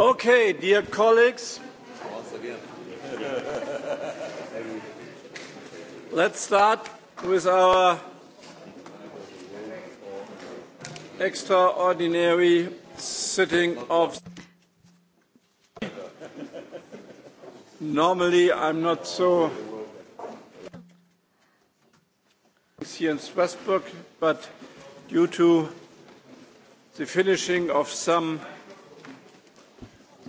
Okay, dear colleagues. Let's start with our extraordinary sitting of Normally I'm not so here in Strasbourg, but due to the finishing of some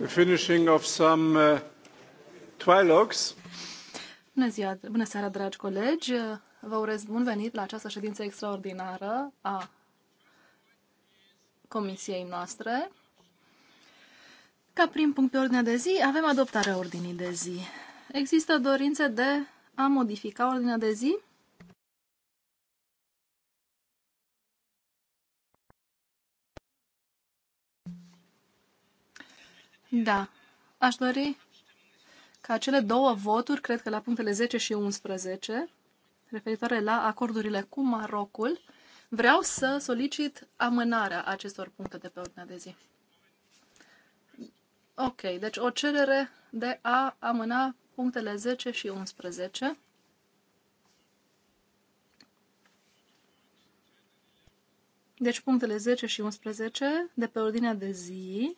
finishing of some uh, trilogues. Bună ziua, bună seara, dragi colegi. Vă urez bun venit la această ședință extraordinară a comisiei noastre. Ca prim punct pe ordinea de zi, avem adoptarea ordinii de zi. Există dorințe de a modifica ordinea de zi? Da. Aș dori ca acele două voturi, cred că la punctele 10 și 11, referitoare la acordurile cu Marocul, vreau să solicit amânarea acestor puncte de pe ordinea de zi. Ok, deci o cerere de a amâna punctele 10 și 11. Deci punctele 10 și 11 de pe ordinea de zi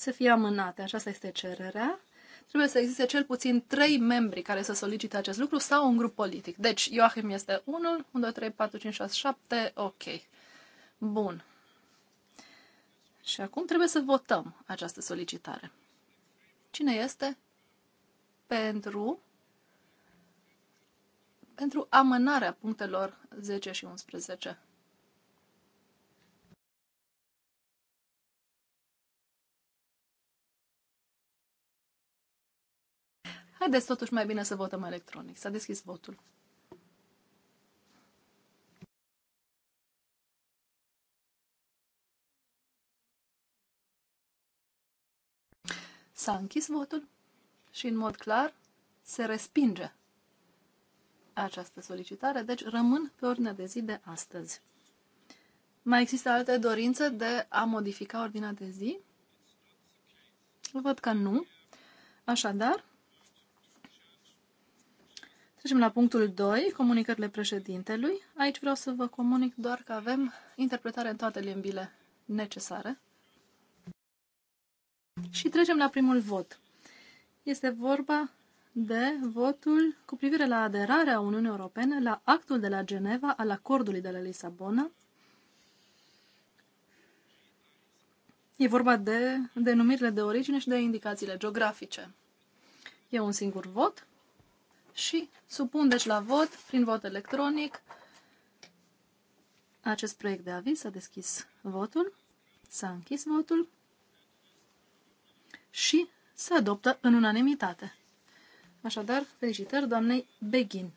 să fie amânate. Aceasta este cererea. Trebuie să existe cel puțin trei membri care să solicite acest lucru sau un grup politic. Deci, Joachim este unul, 1, 2, 3, 4, 5, 6, 7, ok. Bun. Și acum trebuie să votăm această solicitare. Cine este pentru pentru amânarea punctelor 10 și 11? Haideți totuși mai bine să votăm electronic. S-a deschis votul. S-a închis votul și în mod clar se respinge această solicitare, deci rămân pe ordinea de zi de astăzi. Mai există alte dorințe de a modifica ordinea de zi? Văd că nu. Așadar, Trecem la punctul 2, comunicările președintelui. Aici vreau să vă comunic doar că avem interpretare în toate limbile necesare. Și trecem la primul vot. Este vorba de votul cu privire la aderarea Uniunii Europene la actul de la Geneva al acordului de la Lisabona. E vorba de denumirile de origine și de indicațiile geografice. E un singur vot și supun deci la vot, prin vot electronic, acest proiect de aviz. S-a deschis votul, s-a închis votul și se adoptă în unanimitate. Așadar, felicitări doamnei begin.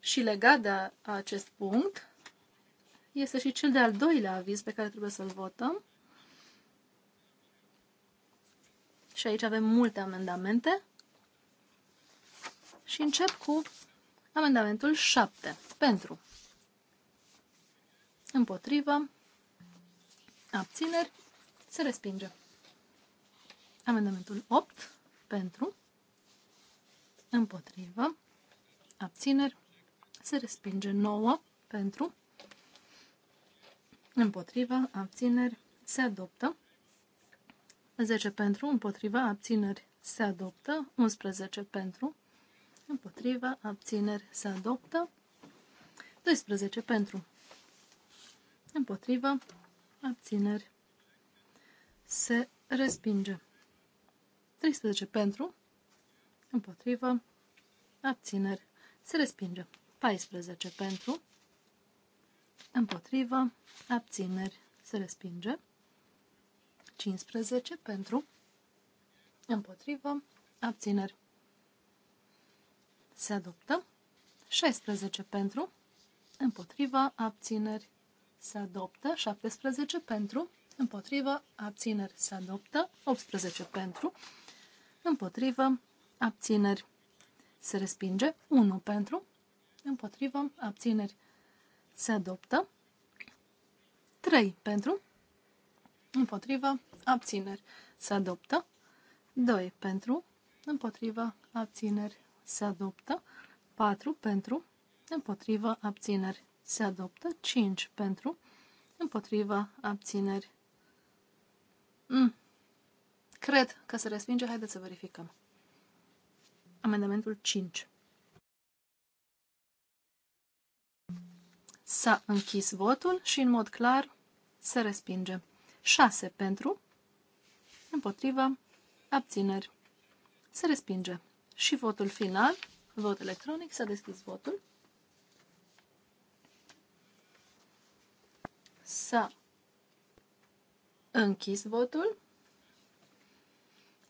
Și legat de acest punct, este și cel de-al doilea aviz pe care trebuie să-l votăm. Și aici avem multe amendamente. Și încep cu amendamentul 7. Pentru. Împotrivă. Abțineri. Se respinge. Amendamentul 8. Pentru. Împotrivă. Abțineri. Se respinge 9. Pentru. Împotrivă. Abțineri. Se adoptă. 10 pentru, împotriva, abțineri se adoptă, 11 pentru, Împotriva, abțineri, se adoptă. 12 pentru. Împotriva, abțineri, se respinge. 13 pentru. Împotriva, abțineri, se respinge. 14 pentru. Împotriva, abțineri, se respinge. 15 pentru. Împotriva, abțineri, se adoptă. 16 pentru, împotriva, abțineri, se adoptă. 17 pentru, împotriva, abțineri, se adoptă. 18 pentru, împotriva, abțineri, se respinge. 1 pentru, împotriva, abțineri, se adoptă. 3 pentru, împotriva, abțineri, se adoptă. 2 pentru, împotriva, abțineri, se adoptă, 4 pentru, împotriva abțineri se adoptă, 5 pentru, împotriva abțineri. Mm. Cred că se respinge, haideți să verificăm. Amendamentul 5. S-a închis votul și, în mod clar, se respinge. 6 pentru, împotriva, abțineri. Se respinge și votul final, vot electronic, s-a deschis votul. S-a închis votul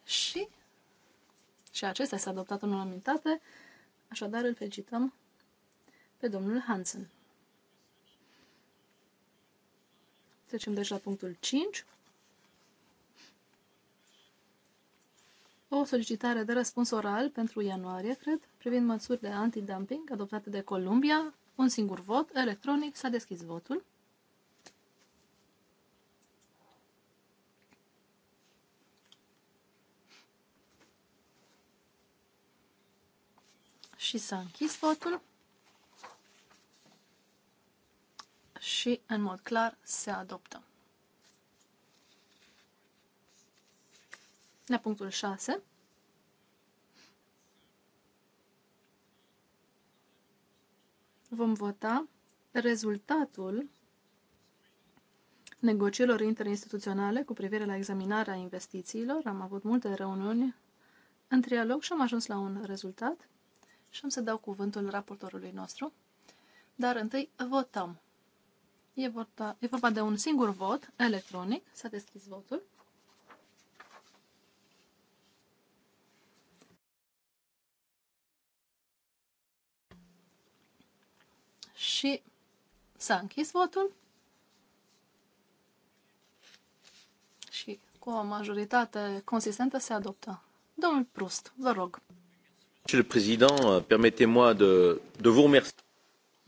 și și acesta s-a adoptat în unanimitate, așadar îl felicităm pe domnul Hansen. Trecem deci la punctul 5. o solicitare de răspuns oral pentru ianuarie, cred, privind măsuri de dumping adoptate de Columbia. Un singur vot electronic. S-a deschis votul. Și s-a închis votul. Și, în mod clar, se adoptă. la punctul 6. Vom vota rezultatul negocierilor interinstituționale cu privire la examinarea investițiilor. Am avut multe reuniuni în trialog și am ajuns la un rezultat și am să dau cuvântul raportorului nostru. Dar întâi votăm. E, vota, e vorba de un singur vot electronic. S-a deschis votul. și s-a închis votul. Și cu o majoritate consistentă se adoptă. Domnul Prust, vă rog. Monsieur le Président, permettez-moi de, de vous remercier.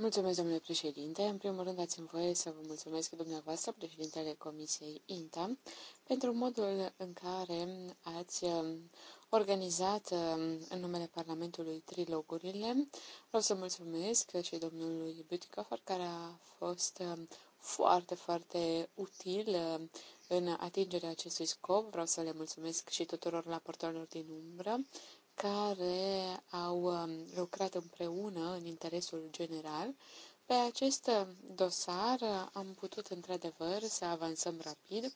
Mulțumesc, domnule președinte. În primul rând, dați-mi voie să vă mulțumesc dumneavoastră, președintele Comisiei INTA, pentru modul în care ați um, organizat um, în numele Parlamentului trilogurile. Vreau să mulțumesc și domnului Bütikofer, care a fost um, foarte, foarte util în atingerea acestui scop. Vreau să le mulțumesc și tuturor raportorilor din umbră care au um, lucrat împreună în interesul general. Pe acest um, dosar uh, am putut într-adevăr să avansăm rapid,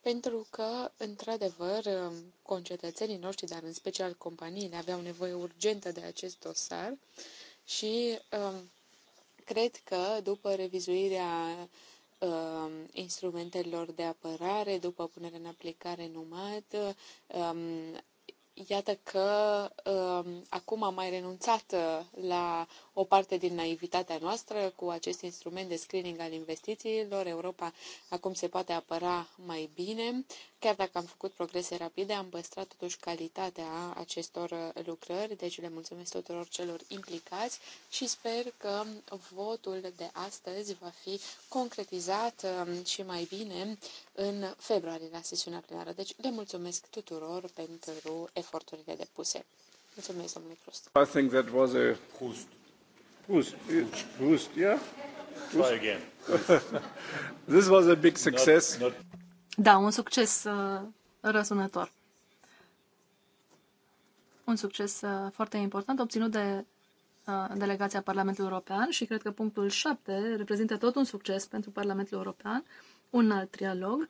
pentru că, într-adevăr, um, concetățenii noștri, dar în special companiile, aveau nevoie urgentă de acest dosar și cred că după revizuirea instrumentelor de apărare, după punerea în aplicare numat, Iată că uh, acum am mai renunțat uh, la o parte din naivitatea noastră cu acest instrument de screening al investițiilor. Europa acum se poate apăra mai bine. Chiar dacă am făcut progrese rapide, am păstrat totuși calitatea acestor lucrări, deci le mulțumesc tuturor celor implicați și sper că votul de astăzi va fi concretizat um, și mai bine în februarie la sesiunea plenară. Deci le mulțumesc tuturor pentru eforturile depuse. Mulțumesc, domnule Prost. I think that was a... Prost. Boost, boost, yeah? Try again. This was a big success. Not, not... Da, un succes uh, răsunător. Un succes uh, foarte important obținut de uh, delegația Parlamentului European și cred că punctul 7 reprezintă tot un succes pentru Parlamentul European, un alt trialog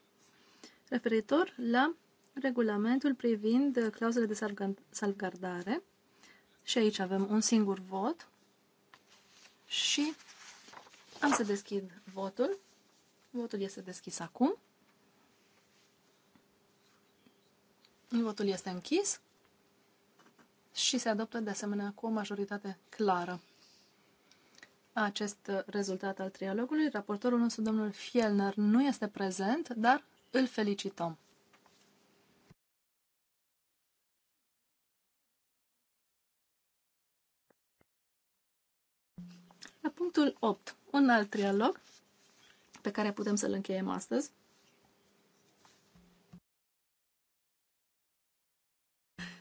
referitor la regulamentul privind uh, clauzele de salvgardare. Și aici avem un singur vot și am să deschid votul. Votul este deschis acum. Votul este închis și se adoptă de asemenea cu o majoritate clară acest rezultat al trialogului. Raportorul nostru, domnul Fielner, nu este prezent, dar îl felicităm. La punctul 8, un alt trialog pe care putem să-l încheiem astăzi.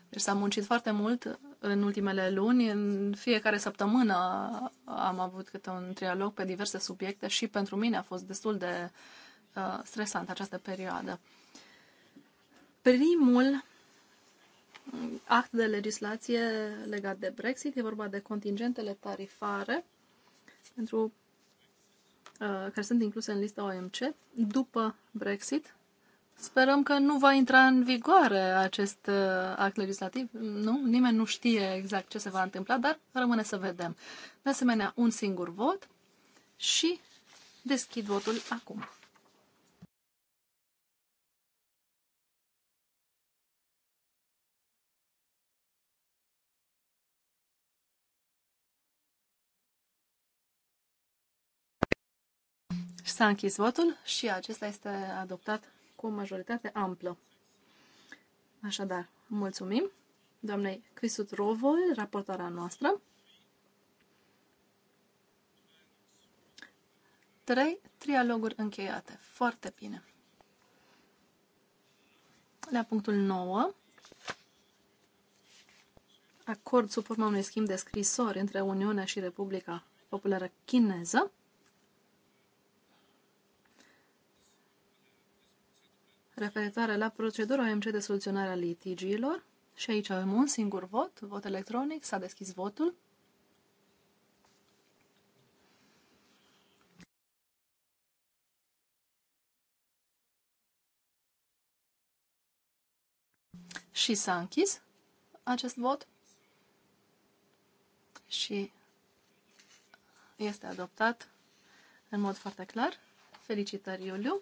Deci s-a muncit foarte mult în ultimele luni. În fiecare săptămână am avut câte un trialog pe diverse subiecte și pentru mine a fost destul de uh, stresant această perioadă. Primul act de legislație legat de Brexit e vorba de contingentele tarifare pentru, uh, care sunt incluse în lista OMC după Brexit. Sperăm că nu va intra în vigoare acest uh, act legislativ. Nu, nimeni nu știe exact ce se va întâmpla, dar rămâne să vedem. De asemenea, un singur vot și deschid votul acum. S-a închis votul și acesta este adoptat cu o majoritate amplă. Așadar, mulțumim doamnei Crisut Rovol, raportarea noastră. Trei trialoguri încheiate. Foarte bine. La punctul 9, acord sub forma unui schimb de scrisori între Uniunea și Republica Populară Chineză. referitoare la procedura OMC de soluționare a litigiilor. Și aici avem un singur vot, vot electronic, s-a deschis votul. Și s-a închis acest vot și este adoptat în mod foarte clar. Felicitări, Iuliu!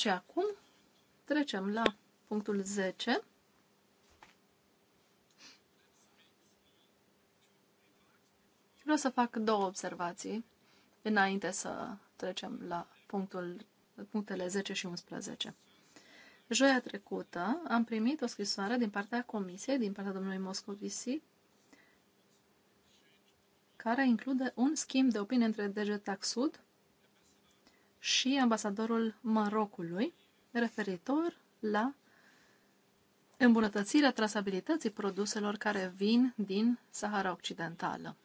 Și acum trecem la punctul 10. Vreau să fac două observații înainte să trecem la punctul, punctele 10 și 11. Joia trecută am primit o scrisoare din partea comisiei, din partea domnului Moscovici, care include un schimb de opinie între DG Taxud și ambasadorul Marocului referitor la îmbunătățirea trasabilității produselor care vin din Sahara Occidentală.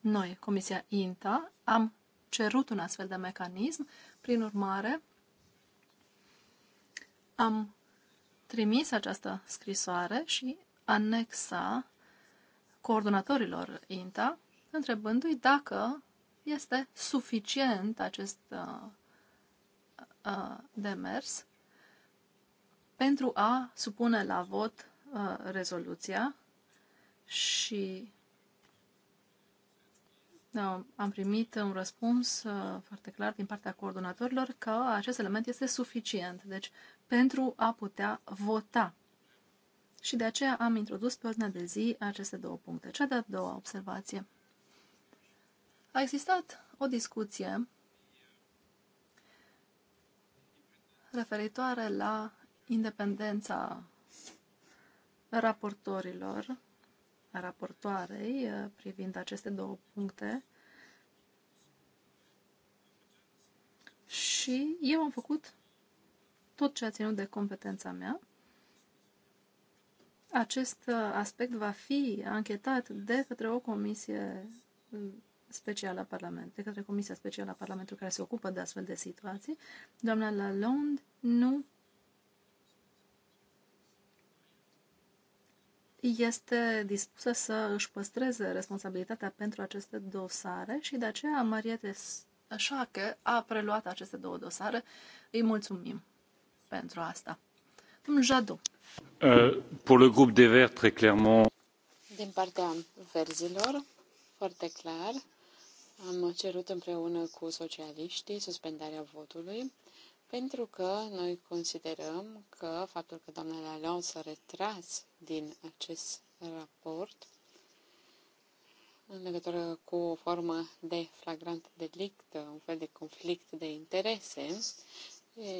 Noi, Comisia INTA, am cerut un astfel de mecanism, prin urmare am trimis această scrisoare și anexa coordonatorilor INTA, întrebându-i dacă este suficient acest uh, uh, demers pentru a supune la vot uh, rezoluția și uh, am primit un răspuns uh, foarte clar din partea coordonatorilor că acest element este suficient, deci pentru a putea vota. Și de aceea am introdus pe ordinea de zi aceste două puncte. Cea de-a doua observație – a existat o discuție referitoare la independența raportorilor, a raportoarei, eh, privind aceste două puncte. Și eu am făcut tot ce a ținut de competența mea. Acest eh, aspect va fi anchetat de către o comisie mm, specială a Parlamentului, de către Comisia Specială a Parlamentului care se ocupă de astfel de situații, doamna Lalonde nu este dispusă să își păstreze responsabilitatea pentru aceste dosare și de aceea Mariette Șache a preluat aceste două dosare. Îi mulțumim pentru asta. Domnul Jadot. Uh, pour le groupe des Verts, très clairement. Din partea verzilor, foarte clar, am cerut împreună cu socialiștii suspendarea votului pentru că noi considerăm că faptul că doamna Laleon s-a retras din acest raport în legătură cu o formă de flagrant delict, un fel de conflict de interese,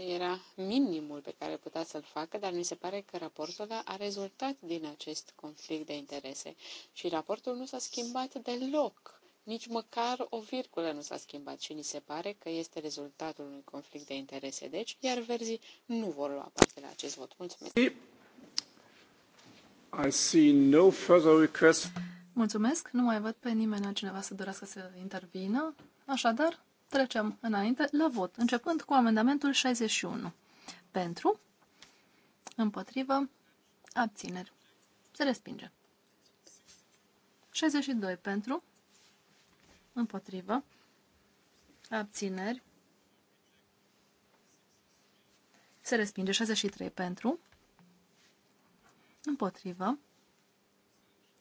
era minimul pe care putea să-l facă, dar mi se pare că raportul a rezultat din acest conflict de interese și raportul nu s-a schimbat deloc nici măcar o virgulă nu s-a schimbat și ni se pare că este rezultatul unui conflict de interese. Deci, iar verzii nu vor lua parte la acest vot. Mulțumesc! I see no further request. Mulțumesc, nu mai văd pe nimeni altcineva să dorească să intervină. Așadar, trecem înainte la vot, începând cu amendamentul 61. Pentru, împotrivă, abțineri. Se respinge. 62 pentru, Împotrivă. Abțineri. Se respinge 63 pentru. Împotrivă.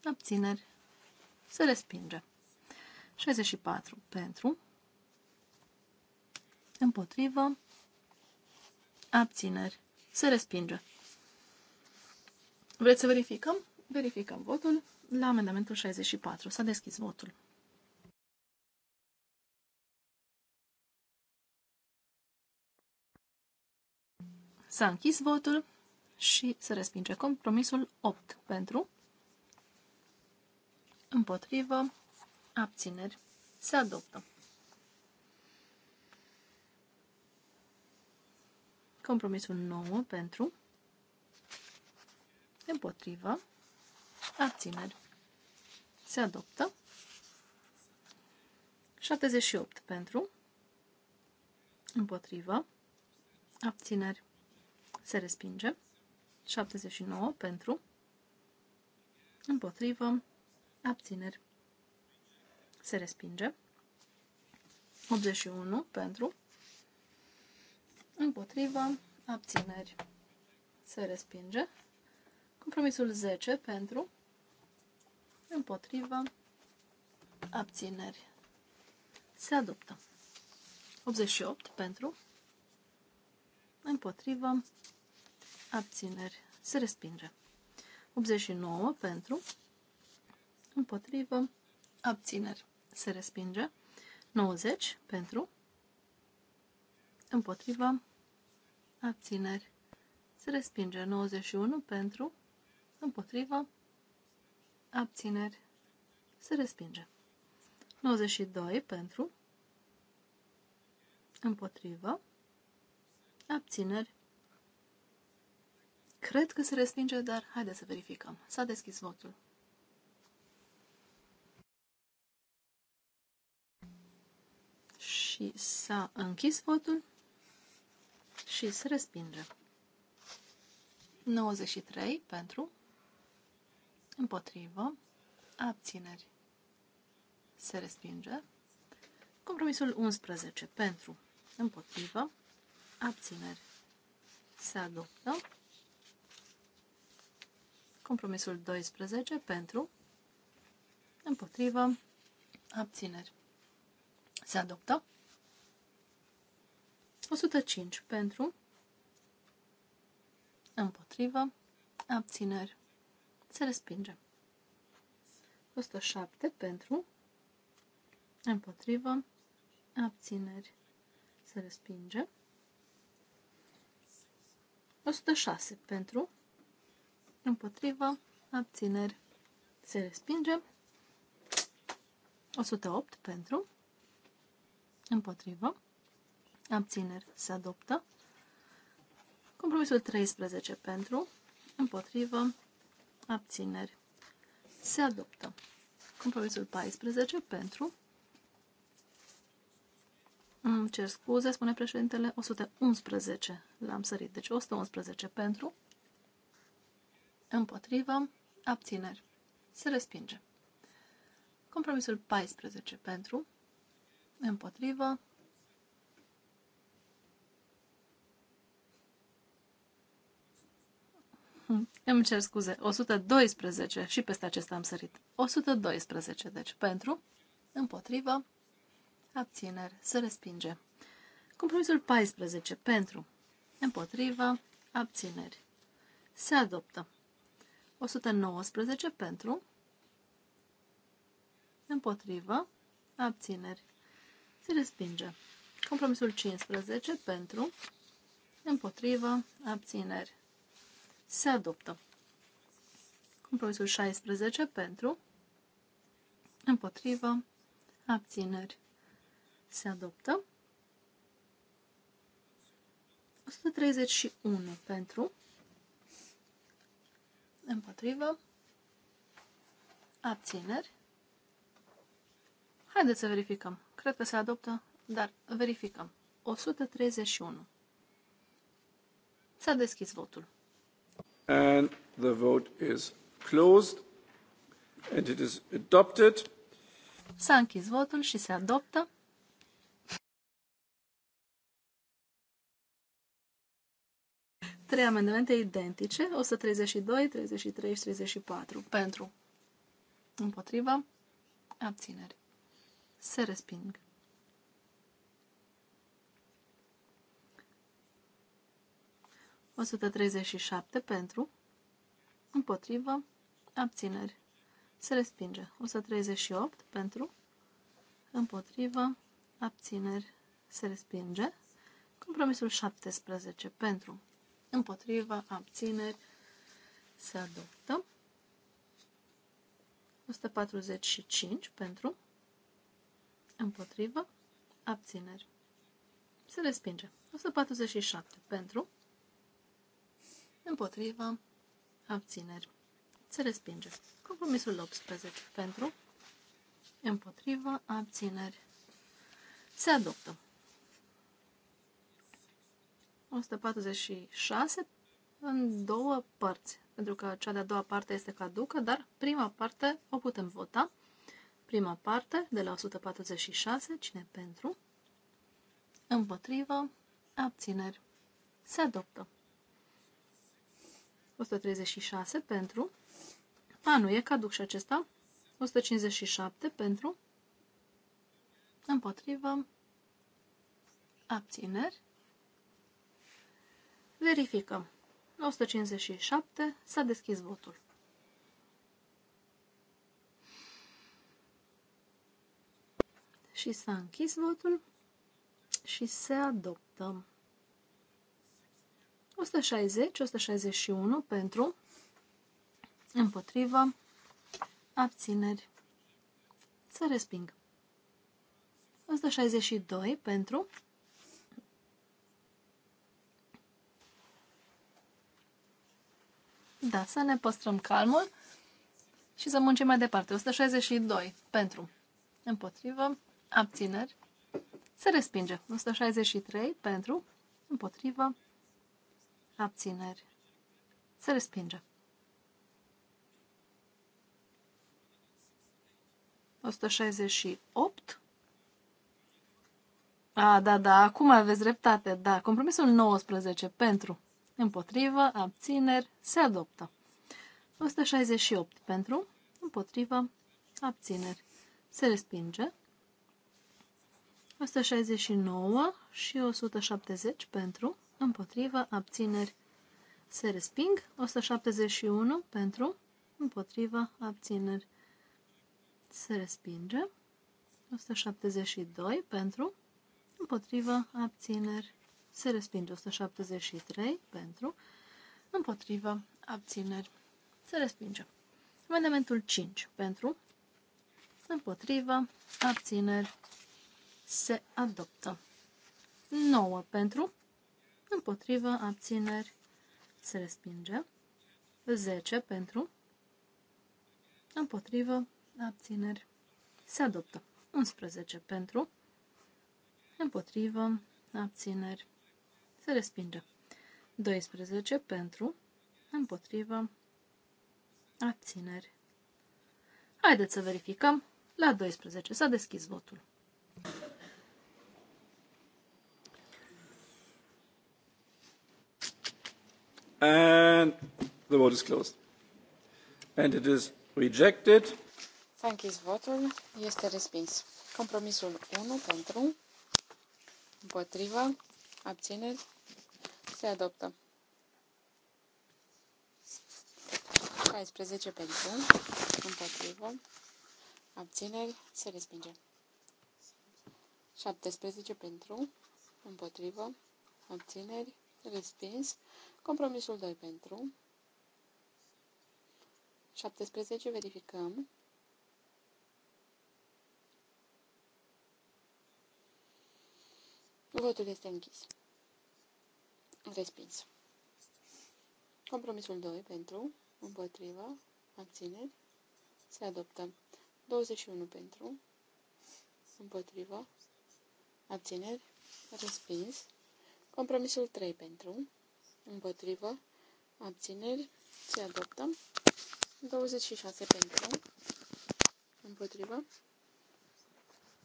Abțineri. Se respinge. 64 pentru. Împotrivă. Abțineri. Se respinge. Vreți să verificăm? Verificăm votul la amendamentul 64. S-a deschis votul. S-a închis votul și se respinge compromisul 8 pentru, împotrivă, abțineri, se adoptă. Compromisul 9 pentru, împotrivă, abțineri, se adoptă. 78 pentru, împotrivă, abțineri, se respinge. 79 pentru, împotrivă, abțineri, se respinge. 81 pentru, împotrivă, abțineri, se respinge. Compromisul 10 pentru, împotrivă, abțineri, se adoptă. 88 pentru, împotrivă, abțineri, se respinge. 89 pentru, împotrivă, abțineri, se respinge. 90 pentru, împotrivă, abțineri, se respinge. 91 pentru, împotrivă, abțineri, se respinge. 92 pentru, împotrivă, abțineri, Cred că se respinge, dar haideți să verificăm. S-a deschis votul. Și s-a închis votul și se respinge. 93 pentru, împotrivă, abțineri. Se respinge. Compromisul 11 pentru, împotrivă, abțineri. Se adoptă. Compromisul 12 pentru, împotrivă, abțineri. Se adoptă. 105 pentru, împotrivă, abțineri. Se respinge. 107 pentru, împotrivă, abțineri. Se respinge. 106 pentru, împotrivă, abțineri, se respinge. 108 pentru, împotrivă, abțineri, se adoptă. Compromisul 13 pentru, împotrivă, abțineri, se adoptă. Compromisul 14 pentru, îmi cer scuze, spune președintele, 111 l-am sărit, deci 111 pentru, împotrivă, abțineri, se respinge. Compromisul 14 pentru, împotrivă, Îmi cer scuze, 112 și peste acesta am sărit. 112, deci pentru, împotrivă, abțineri, se respinge. Compromisul 14, pentru, împotrivă, abțineri, se adoptă. 119 pentru, împotrivă, abțineri, se respinge. Compromisul 15 pentru, împotrivă, abțineri, se adoptă. Compromisul 16 pentru, împotrivă, abțineri, se adoptă. 131 pentru, împotrivă, abțineri. Haideți să verificăm. Cred că se adoptă, dar verificăm. 131. S-a deschis votul. And the vote is closed and it is adopted. S-a închis votul și se adoptă. Trei amendamente identice, 132, 33 și 34. Pentru. Împotrivă. Abțineri. Se resping. O 137 pentru, împotrivă, abțineri. Se respinge. O 138 pentru, împotrivă, abțineri. Se respinge. Compromisul 17 pentru, împotriva, abțineri, se adoptă. 145 pentru, împotriva, abțineri, se respinge. 147 pentru, împotriva, abțineri, se respinge. Compromisul 18 pentru, împotriva, abțineri, se adoptă. 146 în două părți, pentru că cea de-a doua parte este caducă, dar prima parte o putem vota. Prima parte, de la 146, cine pentru, împotrivă, abțineri, se adoptă. 136 pentru, a, nu, e caduc și acesta, 157 pentru, împotrivă, abțineri, Verificăm. 157. S-a deschis votul. Și s-a închis votul și se adoptă. 160, 161 pentru, împotrivă, abțineri, să resping. 162 pentru, Da, să ne păstrăm calmul și să muncim mai departe. 162 pentru, împotrivă, abțineri, se respinge. 163 pentru, împotrivă, abțineri, se respinge. 168. A, da, da, acum aveți dreptate, da. Compromisul 19 pentru, împotrivă, abțineri, se adoptă. 168 pentru, împotrivă, abțineri, se respinge. 169 și 170 pentru, împotrivă, abțineri, se resping. 171 pentru, împotrivă, abțineri, se respinge. 172 pentru, împotrivă, abțineri, se respinge 173 pentru, împotrivă, abțineri, se respinge. Amendamentul 5 pentru, împotrivă, abțineri, se adoptă. 9 pentru, împotrivă, abțineri, se respinge. 10 pentru, împotrivă, abțineri, se adoptă. 11 pentru, împotrivă, abțineri, se respinge. 12 pentru, împotrivă, abțineri. Haideți să verificăm. La 12 s-a deschis votul. And the vote is closed. And it is rejected. S-a închis votul. Este respins. Compromisul 1 pentru, împotrivă, abțineri, se adoptă. 14 pentru, împotrivă, abțineri, se respinge. 17 pentru, împotrivă, abțineri, respins. Compromisul 2 pentru. 17 verificăm. Votul este închis. Respins. Compromisul 2 pentru, împotriva, abțineri, se adoptă. 21 pentru, împotriva, abțineri, respins. Compromisul 3 pentru, împotriva, abțineri, se adoptă. 26 pentru, împotriva,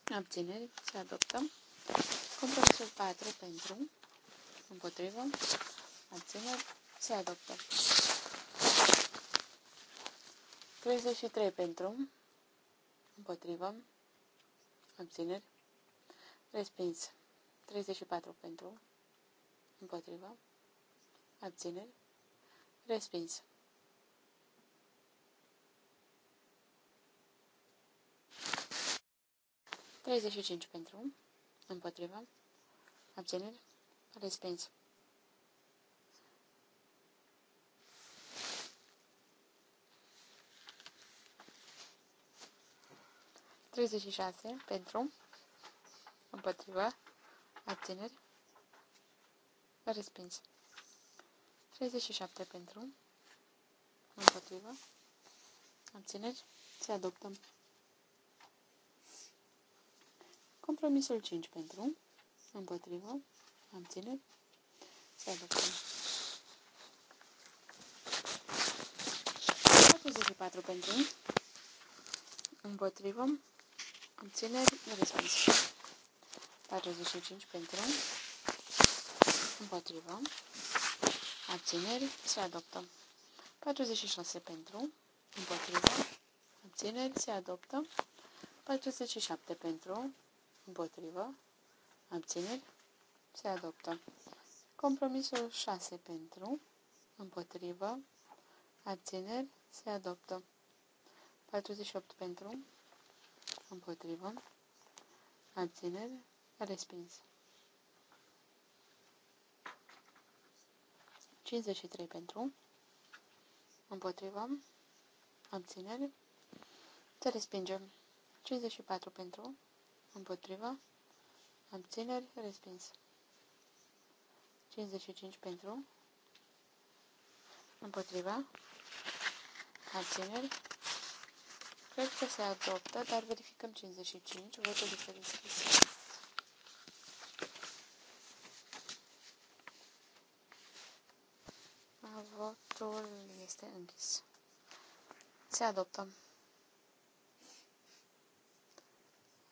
abțineri, se adoptă. Compromisul 4 pentru, împotrivă, abțineri, se adoptă. 33 pentru, împotrivă, abțineri, respins. 34 pentru, împotrivă, abțineri, respins. Treizeci și cinci pentru, împotriva, abțineri, Respins. Treizeci și șase pentru, împotriva, abțineri, respins. și șapte, pentru, împotriva, abțineri, se adoptă. Compromisul cinci, pentru, împotrivă, am ținut? Să adoptăm. 44 pentru. Împotrivă. Obțineri. răspuns. 45 pentru. Împotrivă. Abțineri. Se adoptă. 46 pentru. Împotrivă. Abțineri. Se adoptă. 47 pentru. Împotrivă. Abțineri. Se adoptă. Compromisul 6 pentru, împotrivă, abțineri, se adoptă. 48 pentru, împotrivă, abțineri, respins. 53 pentru, împotrivă, abțineri, se respinge. 54 pentru, împotrivă, abțineri, respins. 55 pentru, împotriva, abțineri. Cred că se adoptă, dar verificăm 55, votul este deschis. Votul este închis. Se adoptă.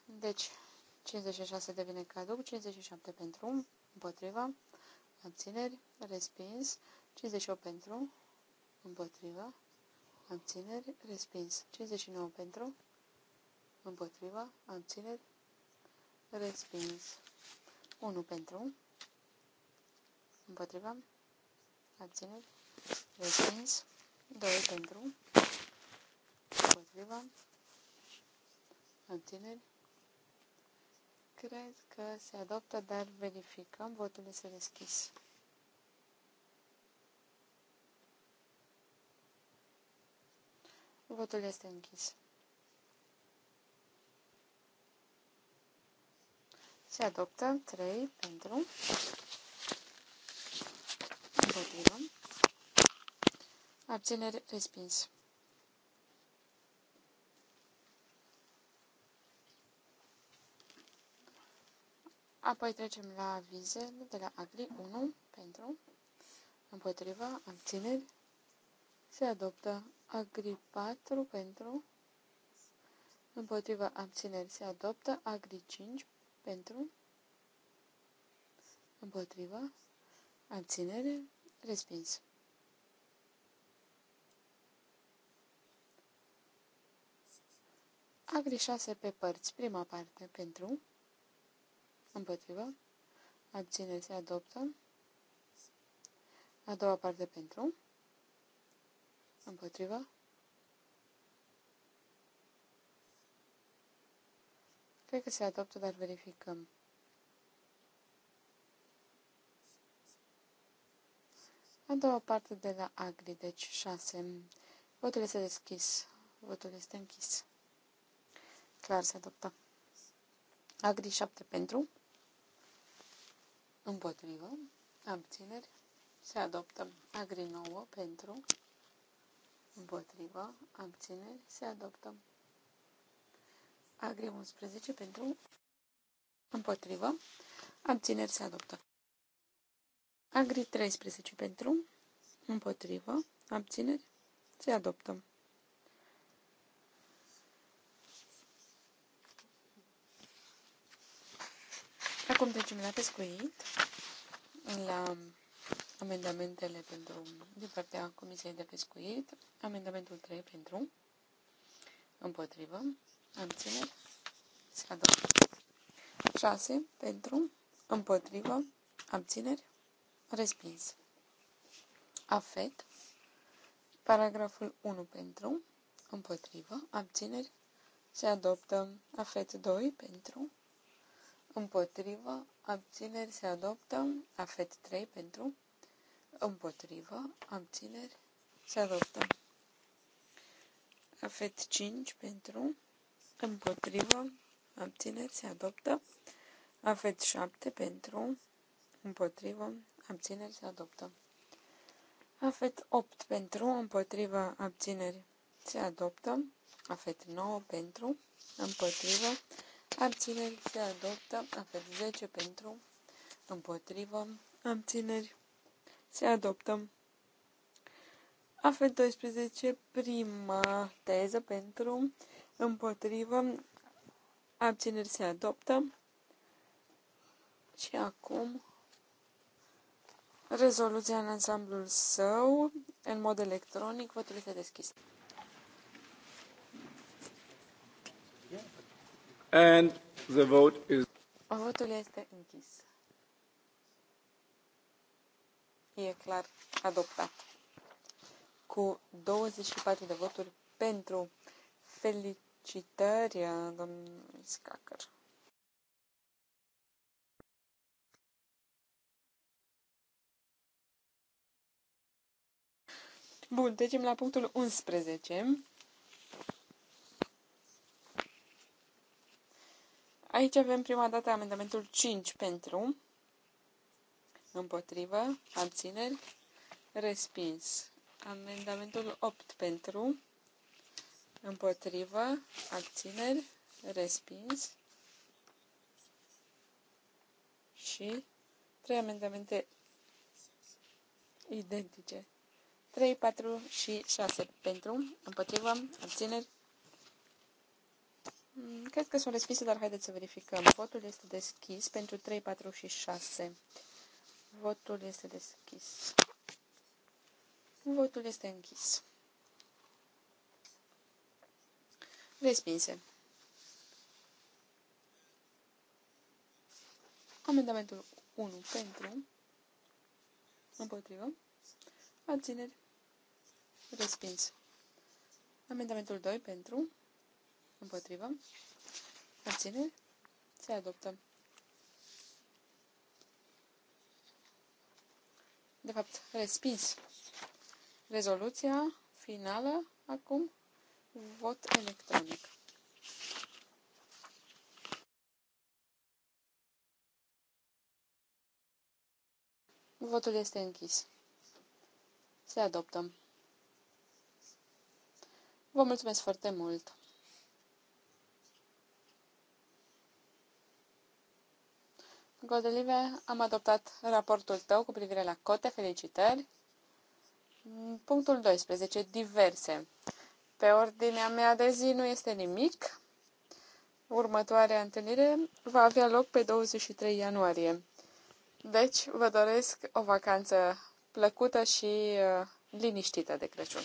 Deci, 56 devine caduc, 57 pentru, împotriva, abțineri, respins. 58 pentru, împotriva, abțineri, respins. 59 pentru, împotriva, abțineri, respins. 1 pentru, împotriva, abțineri, respins. 2 pentru, împotriva, abțineri, Cred că se adoptă, dar verificăm. Votul este deschis. Votul este închis. Se adoptă 3 pentru împotrivă. Abținere respins. Apoi trecem la avizele de la Agri 1 pentru, împotriva, abțineri. Se adoptă Agri 4 pentru, împotriva, abțineri. Se adoptă Agri 5 pentru, împotriva, abținere, respins. Agri 6 pe părți, prima parte pentru, împotrivă, abțineri se adoptă, a doua parte pentru, împotrivă, cred că se adoptă, dar verificăm. A doua parte de la Agri, deci 6. Votul este deschis. Votul este închis. Clar se adoptă. Agri 7 pentru. Împotrivă. Abțineri. Se adoptă. Agri 9 pentru. Împotrivă. Abțineri. Se adoptă. Agri 11 pentru. Împotrivă. Abțineri. Se adoptă. Agri 13 pentru. Împotrivă. Abțineri. Se adoptă. Acum trecem la pescuit, la amendamentele pentru, de partea Comisiei de Pescuit, amendamentul 3 pentru, împotrivă, abțineri, se adoptă. 6 pentru, împotrivă, abțineri, respins. Afet, paragraful 1 pentru, împotrivă, abțineri, se adoptă. Afet 2 pentru, împotrivă, abțineri se adoptă, afet 3 pentru, împotrivă, abțineri se adoptă. Afet 5 pentru, împotrivă, abțineri se adoptă. Afet 7 pentru, împotrivă, abțineri se adoptă. Afet 8 pentru, împotrivă, abțineri se adoptă. Afet 9 pentru, împotrivă, Abțineri se adoptă. Avem 10 pentru. Împotrivă. Abțineri se adoptă. Afet 12, prima teză pentru, împotrivă, abțineri se adoptă. Și acum, rezoluția în ansamblul său, în mod electronic, trebuie să deschis. And the vote is... Votul este închis. E clar adoptat. Cu 24 de voturi pentru felicitări, domnul Scacăr. Bun, trecem la punctul 11. Aici avem prima dată amendamentul 5 pentru, împotrivă, abțineri, respins. Amendamentul 8 pentru, împotrivă, abțineri, respins. Și trei amendamente identice. 3, 4 și 6 pentru, împotrivă, abțineri, Mm, cred că sunt deschise, dar haideți să verificăm. Votul este deschis pentru 3, 4 și 6. Votul este deschis. Votul este închis. Respinse. Amendamentul 1 pentru, împotrivă, abțineri, respins. Amendamentul 2 pentru, Împotrivă. Abțineri. Se adoptă. De fapt, respins. Rezoluția finală acum. Vot electronic. Votul este închis. Se adoptă. Vă mulțumesc foarte mult! Godelive, am adoptat raportul tău cu privire la cote. Felicitări! Punctul 12. Diverse. Pe ordinea mea de zi nu este nimic. Următoarea întâlnire va avea loc pe 23 ianuarie. Deci, vă doresc o vacanță plăcută și uh, liniștită de Crăciun.